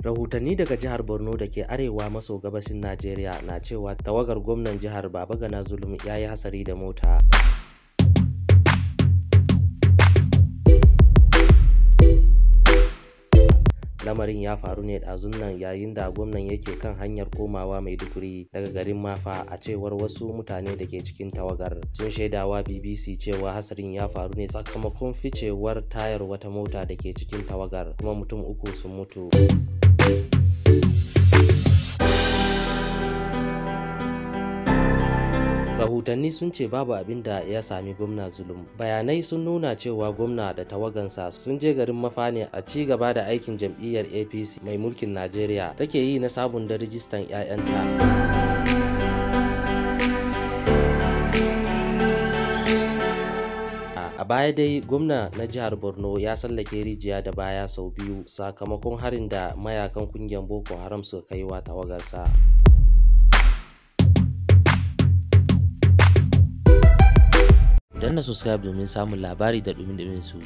Rahotanni daga jihar Borno da ke arewa maso gabashin Najeriya na cewa tawagar gwamnan jihar Babagana Zulum ya yi hasari da mota. lamarin ya faru ne ɗazun nan yayin da gwamnan yake kan hanyar komawa mai dukuri daga garin mafa a cewar wasu mutane da ke cikin tawagar sun shaidawa bbc cewa hasarin ya faru ne sakamakon ficewar tayar wata mota da ke cikin tawagar kuma mutum uku sun mutu rahotanni sun ce babu abin da ya sami gwamna zulum bayanai sun nuna cewa gwamna da tawagansa sun je garin mafane a ci gaba da aikin jam'iyyar apc mai mulkin najeriya take yi na sabon da rijistan 'ya'yanta a baya dai gwamna na jihar borno ya sallake rijiya da baya sau biyu sakamakon harin da mayakan kungiyar boko haram suka kai wa tawagarsa danna subscribe domin samun labari da dumi su